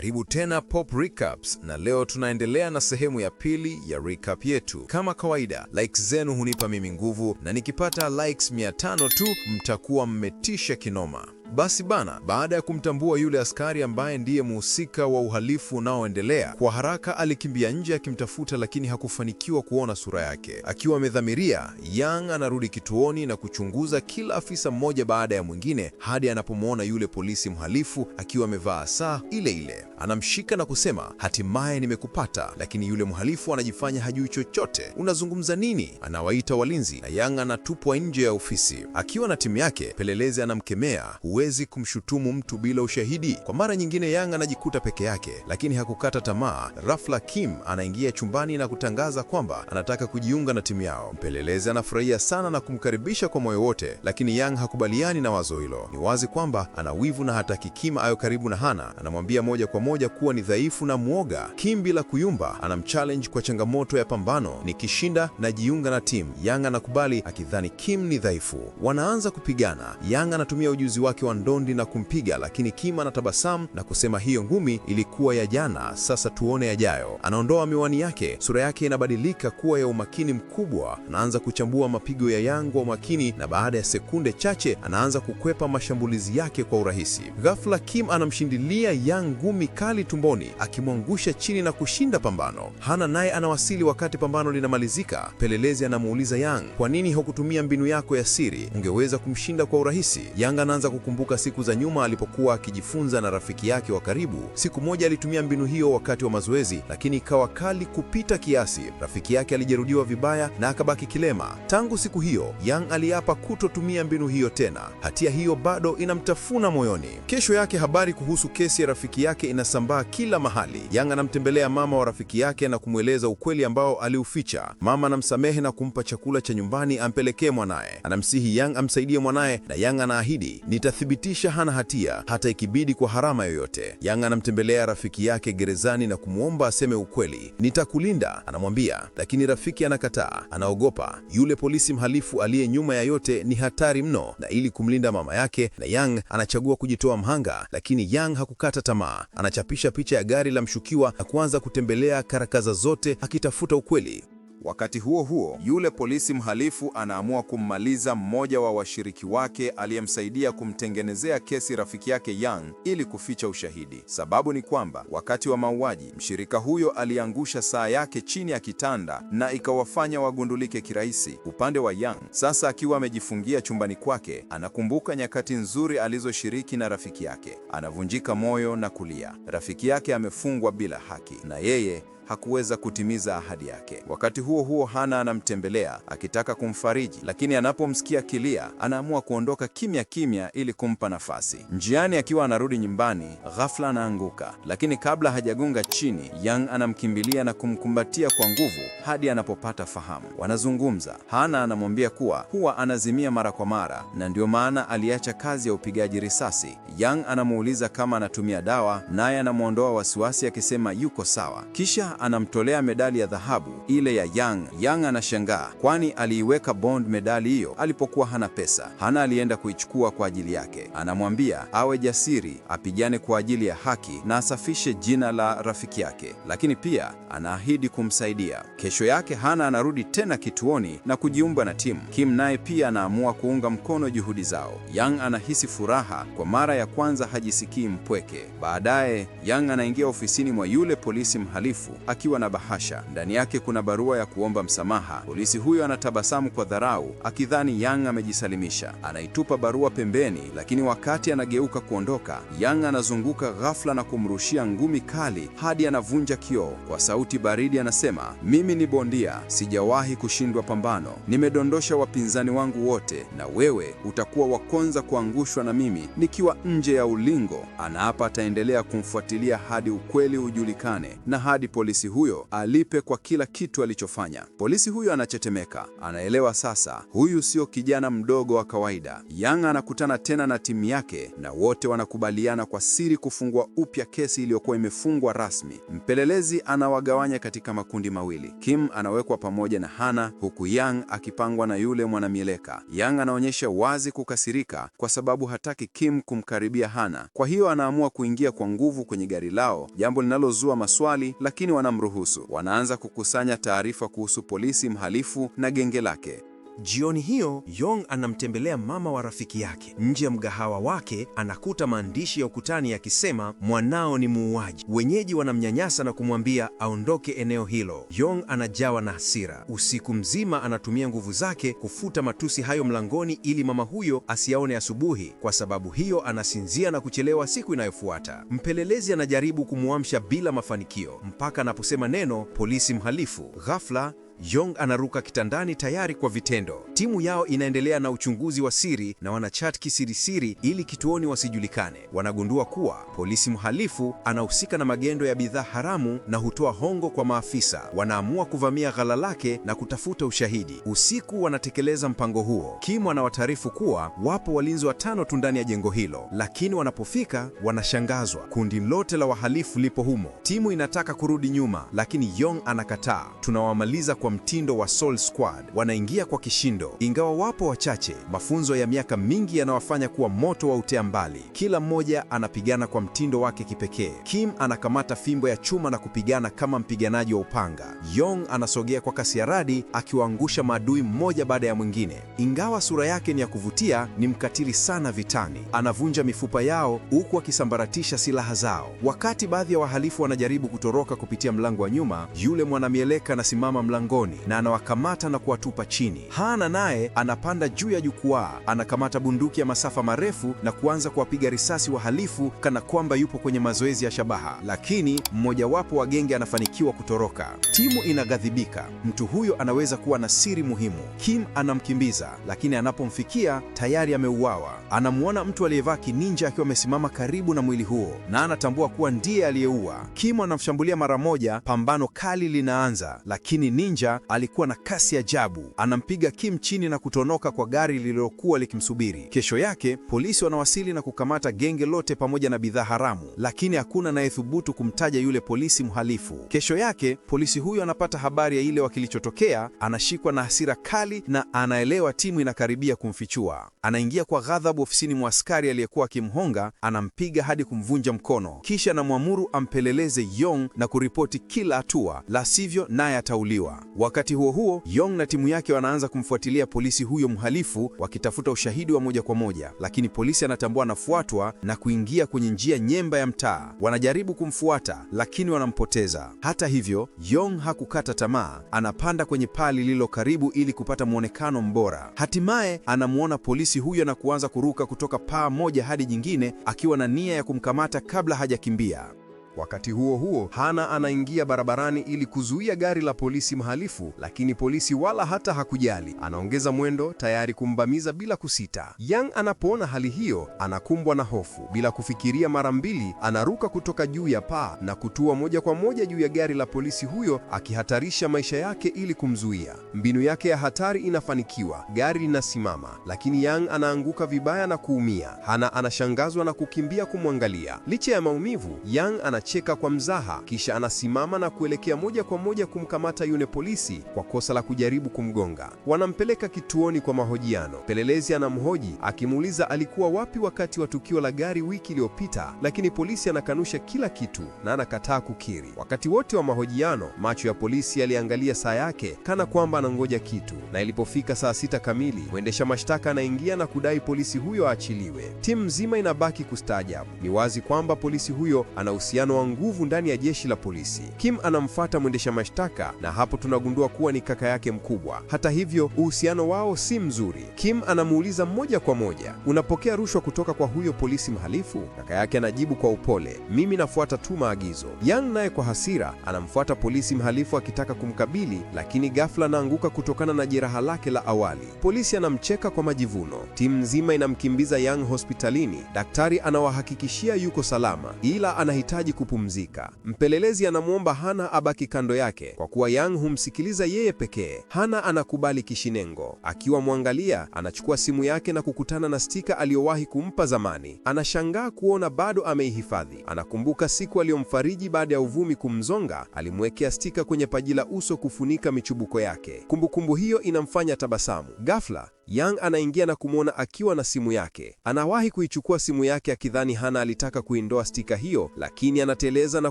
Karibu tena Pop Recaps, na leo tunaendelea na sehemu ya pili ya recap yetu. Kama kawaida, likes zenu hunipa mimi nguvu, na nikipata likes 500 tu mtakuwa mmetisha kinoma. Basi bana, baada ya kumtambua yule askari ambaye ndiye mhusika wa uhalifu unaoendelea, kwa haraka alikimbia nje akimtafuta, lakini hakufanikiwa kuona sura yake. Akiwa amedhamiria, Yang anarudi kituoni na kuchunguza kila afisa mmoja baada ya mwingine hadi anapomwona yule polisi mhalifu akiwa amevaa saa ile ile. Anamshika na kusema, hatimaye nimekupata. Lakini yule mhalifu anajifanya hajui chochote. Unazungumza nini? Anawaita walinzi na Yang anatupwa nje ya ofisi. Akiwa na timu yake, pelelezi anamkemea huwezi kumshutumu mtu bila ushahidi. Kwa mara nyingine, Yang anajikuta peke yake, lakini hakukata tamaa. Rafla Kim anaingia chumbani na kutangaza kwamba anataka kujiunga na timu yao. Mpelelezi anafurahia sana na kumkaribisha kwa moyo wote, lakini Yang hakubaliani na wazo hilo. Ni wazi kwamba ana wivu na hataki Kim ayo karibu na Hana. Anamwambia moja kwa moja kuwa ni dhaifu na mwoga. Kim bila kuyumba anamchallenge kwa changamoto ya pambano, nikishinda najiunga na timu. Yang anakubali akidhani Kim ni dhaifu. Wanaanza kupigana. Yang anatumia ujuzi wake wa wa ndondi na kumpiga, lakini Kima anatabasamu na kusema hiyo ngumi ilikuwa ya jana, sasa tuone yajayo. Anaondoa miwani yake, sura yake inabadilika kuwa ya umakini mkubwa, anaanza kuchambua mapigo ya Yang kwa umakini, na baada ya sekunde chache anaanza kukwepa mashambulizi yake kwa urahisi. Ghafla Kim anamshindilia Yang ngumi kali tumboni, akimwangusha chini na kushinda pambano. Hana naye anawasili wakati pambano linamalizika. Pelelezi anamuuliza Yang, kwa nini hukutumia mbinu yako ya siri? Ungeweza kumshinda kwa urahisi. Yang anaanza kukumbuka Anakumbuka siku za nyuma alipokuwa akijifunza na rafiki yake wa karibu. Siku moja alitumia mbinu hiyo wakati wa mazoezi, lakini ikawa kali kupita kiasi. Rafiki yake alijeruhiwa vibaya na akabaki kilema. Tangu siku hiyo, Yang aliapa kutotumia mbinu hiyo tena. Hatia hiyo bado inamtafuna moyoni. Kesho yake habari kuhusu kesi ya rafiki yake inasambaa kila mahali. Yang anamtembelea mama wa rafiki yake na kumweleza ukweli ambao aliuficha. Mama anamsamehe na kumpa chakula cha nyumbani ampelekee mwanaye. Anamsihi Yang amsaidie mwanaye na Yang anaahidi nita kuthibitisha hana hatia hata ikibidi kwa harama yoyote. Yang anamtembelea rafiki yake gerezani na kumwomba aseme ukweli. Nitakulinda, anamwambia, lakini rafiki anakataa. Anaogopa yule polisi mhalifu aliye nyuma ya yote ni hatari mno, na ili kumlinda mama yake na Yang anachagua kujitoa mhanga, lakini Yang hakukata tamaa. Anachapisha picha ya gari la mshukiwa na kuanza kutembelea karakaza zote akitafuta ukweli. Wakati huo huo, yule polisi mhalifu anaamua kummaliza mmoja wa washiriki wake aliyemsaidia kumtengenezea kesi rafiki yake Young ili kuficha ushahidi. Sababu ni kwamba wakati wa mauaji, mshirika huyo aliangusha saa yake chini ya kitanda na ikawafanya wagundulike kirahisi. Upande wa Young, sasa akiwa amejifungia chumbani kwake, anakumbuka nyakati nzuri alizoshiriki na rafiki yake. Anavunjika moyo na kulia. Rafiki yake amefungwa bila haki na yeye hakuweza kutimiza ahadi yake. Wakati huo huo, Hana anamtembelea akitaka kumfariji, lakini anapomsikia kilia, anaamua kuondoka kimya kimya ili kumpa nafasi. Njiani akiwa anarudi nyumbani, ghafla anaanguka, lakini kabla hajagonga chini, Yang anamkimbilia na kumkumbatia kwa nguvu hadi anapopata fahamu. Wanazungumza, Hana anamwambia kuwa huwa anazimia mara kwa mara na ndio maana aliacha kazi ya upigaji risasi. Yang anamuuliza kama anatumia dawa, naye anamwondoa wasiwasi akisema yuko sawa, kisha anamtolea medali ya dhahabu ile ya Yang. Yang anashangaa kwani aliiweka Bond medali hiyo alipokuwa hana pesa. Hana alienda kuichukua kwa ajili yake. Anamwambia awe jasiri, apigane kwa ajili ya haki na asafishe jina la rafiki yake, lakini pia anaahidi kumsaidia. Kesho yake Hana anarudi tena kituoni na kujiumba na timu. Kim naye pia anaamua kuunga mkono juhudi zao. Yang anahisi furaha kwa mara ya kwanza, hajisikii mpweke. Baadaye Yang anaingia ofisini mwa yule polisi mhalifu akiwa na bahasha. Ndani yake kuna barua ya kuomba msamaha. Polisi huyo anatabasamu kwa dharau, akidhani Yang amejisalimisha. Anaitupa barua pembeni, lakini wakati anageuka kuondoka, Yang anazunguka ghafla na kumrushia ngumi kali hadi anavunja kioo. Kwa sauti baridi anasema, mimi ni bondia, sijawahi kushindwa pambano, nimedondosha wapinzani wangu wote, na wewe utakuwa wa kwanza kuangushwa na mimi nikiwa nje ya ulingo. Anaapa ataendelea kumfuatilia hadi ukweli ujulikane na hadi polisi polisi huyo alipe kwa kila kitu alichofanya. Polisi huyo anachetemeka, anaelewa sasa huyu sio kijana mdogo wa kawaida. Yang anakutana tena na timu yake na wote wanakubaliana kwa siri kufungua upya kesi iliyokuwa imefungwa rasmi. Mpelelezi anawagawanya katika makundi mawili. Kim anawekwa pamoja na Hana huku Yang akipangwa na yule mwanamieleka. Yang anaonyesha wazi kukasirika kwa sababu hataki Kim kumkaribia Hana. Kwa hiyo anaamua kuingia kwa nguvu kwenye gari lao, jambo linalozua maswali lakini wanamruhusu. Wanaanza kukusanya taarifa kuhusu polisi mhalifu na genge lake. Jioni hiyo Yong anamtembelea mama wa rafiki yake. Nje ya mgahawa wake anakuta maandishi ya ukutani yakisema mwanao ni muuaji. Wenyeji wanamnyanyasa na kumwambia aondoke eneo hilo. Yong anajawa na hasira. Usiku mzima anatumia nguvu zake kufuta matusi hayo mlangoni ili mama huyo asiaone asubuhi. Kwa sababu hiyo anasinzia na kuchelewa siku inayofuata. Mpelelezi anajaribu kumwamsha bila mafanikio mpaka anaposema neno polisi mhalifu. Ghafla yong anaruka kitandani tayari kwa vitendo. Timu yao inaendelea na uchunguzi wa siri na wanachat kisirisiri ili kituoni wasijulikane. Wanagundua kuwa polisi mhalifu anahusika na magendo ya bidhaa haramu na hutoa hongo kwa maafisa. Wanaamua kuvamia ghala lake na kutafuta ushahidi. Usiku wanatekeleza mpango huo. Kim anawataarifu kuwa wapo walinzi watano tu ndani ya jengo hilo, lakini wanapofika wanashangazwa. Kundi lote la wahalifu lipo humo. Timu inataka kurudi nyuma, lakini yong anakataa. Tunawamaliza kwa kwa mtindo wa Soul Squad wanaingia kwa kishindo, ingawa wapo wachache. Mafunzo ya miaka mingi yanawafanya kuwa moto wa utea mbali. Kila mmoja anapigana kwa mtindo wake kipekee. Kim anakamata fimbo ya chuma na kupigana kama mpiganaji wa upanga. Yong anasogea kwa kasi ya radi akiwaangusha maadui mmoja baada ya mwingine. Ingawa sura yake ni ya kuvutia, ni mkatili sana vitani. Anavunja mifupa yao huku akisambaratisha silaha zao. Wakati baadhi ya wahalifu wanajaribu kutoroka kupitia mlango wa nyuma, yule mwanamieleka anasimama mlangoni mgongoni na anawakamata na kuwatupa chini. Hana naye anapanda juu ya jukwaa, anakamata bunduki ya masafa marefu na kuanza kuwapiga risasi wahalifu kana kwamba yupo kwenye mazoezi ya shabaha, lakini mmojawapo wa genge anafanikiwa kutoroka. Timu inaghadhibika, mtu huyo anaweza kuwa na siri muhimu. Kim anamkimbiza, lakini anapomfikia tayari ameuawa. Anamwona mtu aliyevaa kininja akiwa amesimama karibu na mwili huo na anatambua kuwa ndiye aliyeua. Kim anamshambulia mara moja, pambano kali linaanza, lakini ninja alikuwa na kasi ajabu, anampiga Kim chini na kutonoka kwa gari lililokuwa likimsubiri. Kesho yake polisi wanawasili na kukamata genge lote pamoja na bidhaa haramu, lakini hakuna anayethubutu kumtaja yule polisi mhalifu. Kesho yake polisi huyo anapata habari ya ile wakilichotokea, anashikwa na hasira kali na anaelewa timu inakaribia kumfichua. Anaingia kwa ghadhabu ofisini mwa askari aliyekuwa akimhonga, anampiga hadi kumvunja mkono, kisha anamwamuru ampeleleze Yong na kuripoti kila hatua, la sivyo naye atauliwa. Wakati huo huo, yong na timu yake wanaanza kumfuatilia polisi huyo mhalifu wakitafuta ushahidi wa moja kwa moja, lakini polisi anatambua anafuatwa na kuingia kwenye njia nyemba ya mtaa. Wanajaribu kumfuata lakini wanampoteza. Hata hivyo, yong hakukata tamaa, anapanda kwenye paa lililo karibu ili kupata mwonekano mbora. Hatimaye anamwona polisi huyo na kuanza kuruka kutoka paa moja hadi jingine akiwa na nia ya kumkamata kabla hajakimbia. Wakati huo huo, Hana anaingia barabarani ili kuzuia gari la polisi mhalifu, lakini polisi wala hata hakujali. Anaongeza mwendo tayari kumbamiza bila kusita. Yang anapoona hali hiyo, anakumbwa na hofu. Bila kufikiria mara mbili, anaruka kutoka juu ya paa na kutua moja kwa moja juu ya gari la polisi huyo, akihatarisha maisha yake ili kumzuia. Mbinu yake ya hatari inafanikiwa, gari linasimama, lakini Yang anaanguka vibaya na kuumia. Hana anashangazwa na kukimbia kumwangalia. Licha ya maumivu, Yang ana anacheka kwa mzaha, kisha anasimama na kuelekea moja kwa moja kumkamata yule polisi kwa kosa la kujaribu kumgonga. Wanampeleka kituoni kwa mahojiano. Pelelezi anamhoji akimuuliza alikuwa wapi wakati wa tukio la gari wiki iliyopita, lakini polisi anakanusha kila kitu na anakataa kukiri. Wakati wote wa mahojiano, macho ya polisi yaliangalia saa yake kana kwamba anangoja kitu, na ilipofika saa sita kamili, mwendesha mashtaka anaingia na kudai polisi huyo aachiliwe. Timu nzima inabaki kustaajabu. Ni wazi kwamba polisi huyo ana uhusiano mvutano wa nguvu ndani ya jeshi la polisi. Kim anamfata mwendesha mashtaka na hapo tunagundua kuwa ni kaka yake mkubwa. Hata hivyo, uhusiano wao si mzuri. Kim anamuuliza moja kwa moja, unapokea rushwa kutoka kwa huyo polisi mhalifu? Kaka yake anajibu kwa upole, mimi nafuata tu maagizo. Yang naye kwa hasira anamfuata polisi mhalifu akitaka kumkabili, lakini ghafla anaanguka kutokana na jeraha lake la awali. Polisi anamcheka kwa majivuno. Timu nzima inamkimbiza Yang hospitalini. Daktari anawahakikishia yuko salama, ila anahitaji kupumzika. Mpelelezi anamwomba Hana abaki kando yake kwa kuwa Yang humsikiliza yeye pekee. Hana anakubali kishinengo. Akiwa mwangalia, anachukua simu yake na kukutana na stika aliyowahi kumpa zamani. Anashangaa kuona bado ameihifadhi. Anakumbuka siku aliyomfariji baada ya uvumi kumzonga, alimwekea stika kwenye paji la uso kufunika michubuko yake. Kumbukumbu kumbu hiyo inamfanya tabasamu. Ghafla Yang anaingia na kumwona akiwa na simu yake. Anawahi kuichukua simu yake akidhani Hana alitaka kuindoa stika hiyo, lakini anateleza na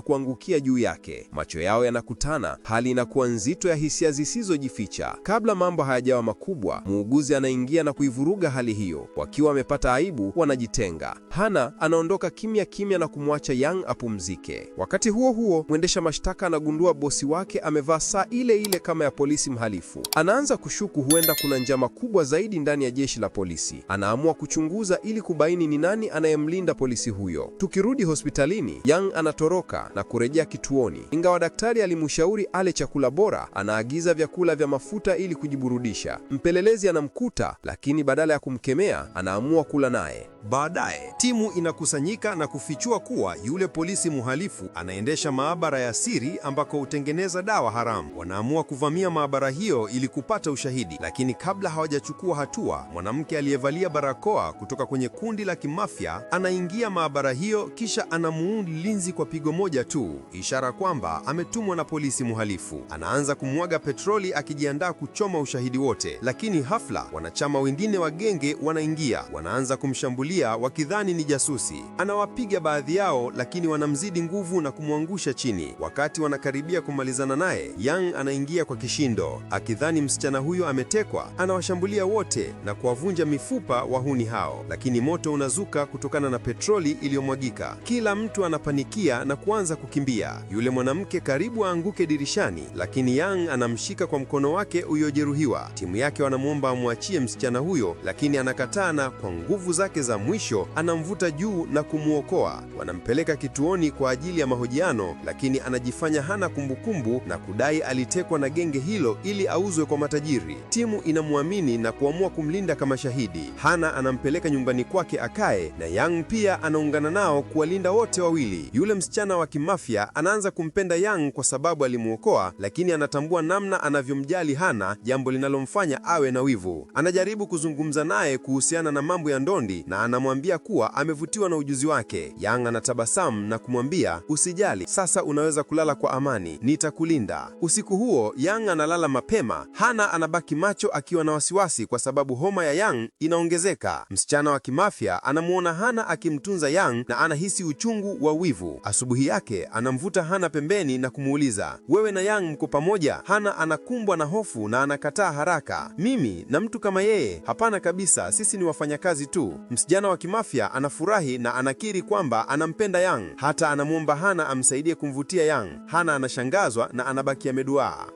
kuangukia juu yake. Macho yao yanakutana, hali inakuwa nzito ya hisia zisizojificha. Kabla mambo hayajawa makubwa, muuguzi anaingia na kuivuruga hali hiyo. Wakiwa wamepata aibu, wanajitenga. Hana anaondoka kimya kimya na kumwacha Yang apumzike. Wakati huo huo, mwendesha mashtaka anagundua bosi wake amevaa saa ile ile kama ya polisi mhalifu. Anaanza kushuku huenda kuna njama kubwa zaidi zaidi ndani ya jeshi la polisi. Anaamua kuchunguza ili kubaini ni nani anayemlinda polisi huyo. Tukirudi hospitalini, Yang anatoroka na kurejea kituoni. Ingawa daktari alimshauri ale chakula bora, anaagiza vyakula vya mafuta ili kujiburudisha. Mpelelezi anamkuta, lakini badala ya kumkemea, anaamua kula naye. Baadaye timu inakusanyika na kufichua kuwa yule polisi mhalifu anaendesha maabara ya siri ambako hutengeneza dawa haramu. Wanaamua kuvamia maabara hiyo ili kupata ushahidi, lakini kabla hawajachukua hatua, mwanamke aliyevalia barakoa kutoka kwenye kundi la kimafia anaingia maabara hiyo, kisha anamuua mlinzi kwa pigo moja tu, ishara kwamba ametumwa na polisi mhalifu. Anaanza kumwaga petroli akijiandaa kuchoma ushahidi wote, lakini hafla wanachama wengine wa genge wanaingia, wanaanza kumshambulia kulia wakidhani ni jasusi. Anawapiga baadhi yao, lakini wanamzidi nguvu na kumwangusha chini. Wakati wanakaribia kumalizana naye, Yang anaingia kwa kishindo, akidhani msichana huyo ametekwa. Anawashambulia wote na kuwavunja mifupa wahuni hao, lakini moto unazuka kutokana na petroli iliyomwagika. Kila mtu anapanikia na kuanza kukimbia. Yule mwanamke karibu aanguke dirishani, lakini Yang anamshika kwa mkono wake uliojeruhiwa. Timu yake wanamwomba amwachie msichana huyo, lakini anakatana kwa nguvu zake za mwisho anamvuta juu na kumwokoa. Wanampeleka kituoni kwa ajili ya mahojiano, lakini anajifanya hana kumbukumbu na kudai alitekwa na genge hilo ili auzwe kwa matajiri. Timu inamwamini na kuamua kumlinda kama shahidi. Hana anampeleka nyumbani kwake akae, na Yang pia anaungana nao kuwalinda wote wawili. Yule msichana wa kimafia anaanza kumpenda Yang kwa sababu alimwokoa, lakini anatambua namna anavyomjali Hana, jambo linalomfanya awe na wivu. Anajaribu kuzungumza naye kuhusiana na mambo ya ndondi na anamwambia kuwa amevutiwa na ujuzi wake. Yang anatabasamu na kumwambia usijali, sasa unaweza kulala kwa amani, nitakulinda. Usiku huo Yang analala mapema. Hana anabaki macho akiwa na wasiwasi kwa sababu homa ya Yang inaongezeka. Msichana wa kimafia anamwona Hana akimtunza Yang na anahisi uchungu wa wivu. Asubuhi yake anamvuta Hana pembeni na kumuuliza, wewe na Yang mko pamoja? Hana anakumbwa na hofu na anakataa haraka, mimi na mtu kama yeye? Hapana kabisa, sisi ni wafanyakazi tu. Msichana kijana wa kimafia anafurahi na anakiri kwamba anampenda Yang, hata anamwomba Hana amsaidie kumvutia Yang. Hana anashangazwa na anabaki ameduaa.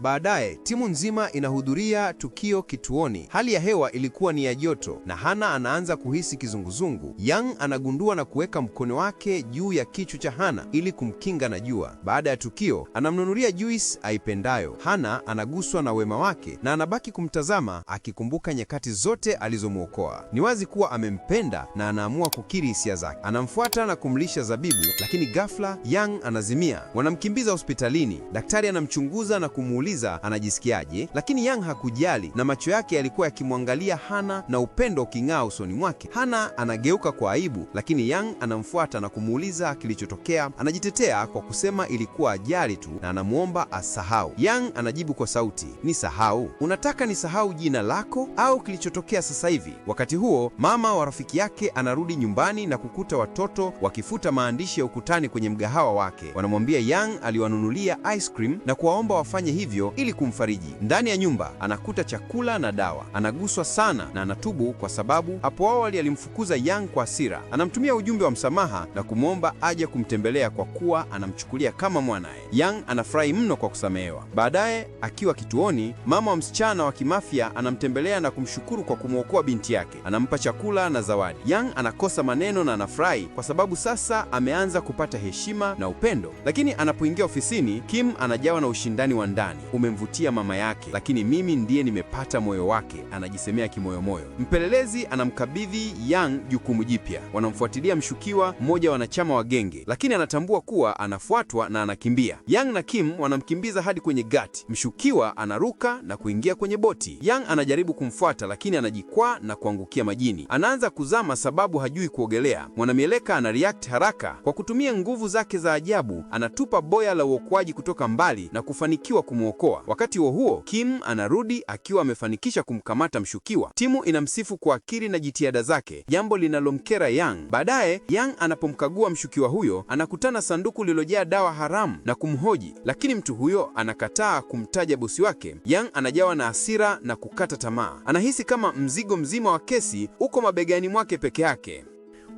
Baadaye timu nzima inahudhuria tukio kituoni. Hali ya hewa ilikuwa ni ya joto na Hana anaanza kuhisi kizunguzungu. Yang anagundua na kuweka mkono wake juu ya kichwa cha Hana ili kumkinga na jua. Baada ya tukio, anamnunulia juice aipendayo. Hana anaguswa na wema wake na anabaki kumtazama akikumbuka nyakati zote alizomwokoa. Ni wazi kuwa amempenda na anaamua kukiri hisia zake. Anamfuata na kumlisha zabibu, lakini ghafla Yang anazimia. Wanamkimbiza hospitalini. Daktari anamchunguza na kumuuliza kumuuliza anajisikiaje, lakini Yang hakujali na macho yake yalikuwa yakimwangalia Hana na upendo uking'aa usoni mwake. Hana anageuka kwa aibu, lakini Yang anamfuata na kumuuliza kilichotokea. Anajitetea kwa kusema ilikuwa ajali tu na anamwomba asahau. Yang anajibu kwa sauti, ni sahau? Unataka nisahau jina lako au kilichotokea sasa hivi? Wakati huo mama wa rafiki yake anarudi nyumbani na kukuta watoto wakifuta maandishi ya ukutani kwenye mgahawa wake. Wanamwambia Yang aliwanunulia ice cream na kuwaomba wafanye hivyo hivyo ili kumfariji. Ndani ya nyumba anakuta chakula na dawa, anaguswa sana na anatubu kwa sababu hapo awali alimfukuza Yang kwa hasira. Anamtumia ujumbe wa msamaha na kumwomba aje kumtembelea kwa kuwa anamchukulia kama mwanaye. Yang anafurahi mno kwa kusamehewa. Baadaye akiwa kituoni, mama wa msichana wa kimafia anamtembelea na kumshukuru kwa kumwokoa binti yake, anampa chakula na zawadi. Yang anakosa maneno na anafurahi kwa sababu sasa ameanza kupata heshima na upendo, lakini anapoingia ofisini, Kim anajawa na ushindani wa ndani umemvutia mama yake, lakini mimi ndiye nimepata moyo wake, anajisemea kimoyomoyo. Mpelelezi anamkabidhi Yang jukumu jipya. Wanamfuatilia mshukiwa mmoja, wanachama wa genge, lakini anatambua kuwa anafuatwa na anakimbia. Yang na Kim wanamkimbiza hadi kwenye gati. Mshukiwa anaruka na kuingia kwenye boti. Yang anajaribu kumfuata, lakini anajikwaa na kuangukia majini. Anaanza kuzama sababu hajui kuogelea. Mwanamieleka ana react haraka kwa kutumia nguvu zake za ajabu, anatupa boya la uokoaji kutoka mbali na kufanikiwa kumuokoa kumwokoa. Wakati huo huo, Kim anarudi akiwa amefanikisha kumkamata mshukiwa. Timu inamsifu kwa akili na jitihada zake, jambo linalomkera Yang. Baadaye Yang anapomkagua mshukiwa huyo, anakutana sanduku lililojaa dawa haramu na kumhoji, lakini mtu huyo anakataa kumtaja bosi wake. Yang anajawa na hasira na kukata tamaa. Anahisi kama mzigo mzima wa kesi uko mabegani mwake peke yake.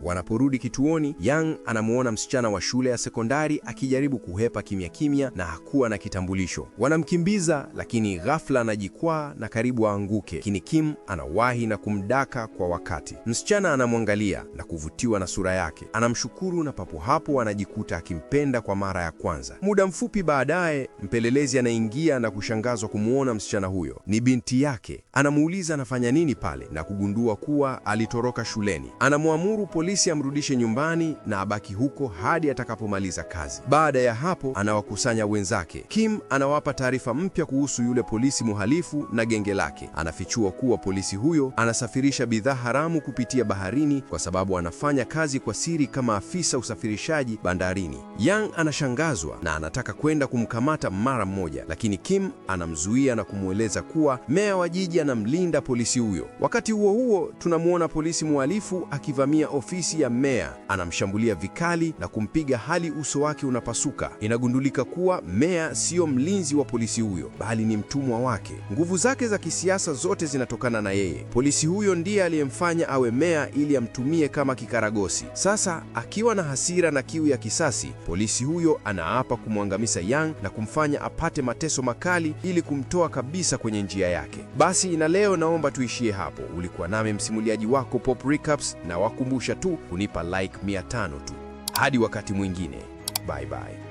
Wanaporudi kituoni, Yang anamuona msichana wa shule ya sekondari akijaribu kuhepa kimya kimya na hakuwa na kitambulisho. Wanamkimbiza, lakini ghafla anajikwaa na karibu aanguke, lakini Kim anawahi na kumdaka kwa wakati. Msichana anamwangalia na kuvutiwa na sura yake, anamshukuru na papo hapo anajikuta akimpenda kwa mara ya kwanza. Muda mfupi baadaye, mpelelezi anaingia na kushangazwa kumwona msichana huyo ni binti yake. Anamuuliza anafanya nini pale na kugundua kuwa alitoroka shuleni. Anamwamuru Polisi amrudishe nyumbani na abaki huko hadi atakapomaliza kazi. Baada ya hapo, anawakusanya wenzake. Kim anawapa taarifa mpya kuhusu yule polisi muhalifu na genge lake. Anafichua kuwa polisi huyo anasafirisha bidhaa haramu kupitia baharini kwa sababu anafanya kazi kwa siri kama afisa usafirishaji bandarini. Yang anashangazwa na anataka kwenda kumkamata mara moja, lakini Kim anamzuia na kumweleza kuwa meya wa jiji anamlinda polisi huyo. Wakati huo huo, tunamwona polisi mhalifu akivamia ofisi ofisi ya meya anamshambulia vikali na kumpiga hali uso wake unapasuka. Inagundulika kuwa meya siyo mlinzi wa polisi huyo, bali ni mtumwa wake. Nguvu zake za kisiasa zote zinatokana na yeye. Polisi huyo ndiye aliyemfanya awe meya ili amtumie kama kikaragosi. Sasa akiwa na hasira na kiu ya kisasi, polisi huyo anaapa kumwangamiza Yang na kumfanya apate mateso makali ili kumtoa kabisa kwenye njia yake. Basi na leo naomba tuishie hapo. Ulikuwa nami msimuliaji wako Pop Recaps, na wakumbusha tu tu kunipa like 500 tu. Hadi wakati mwingine, bye bye.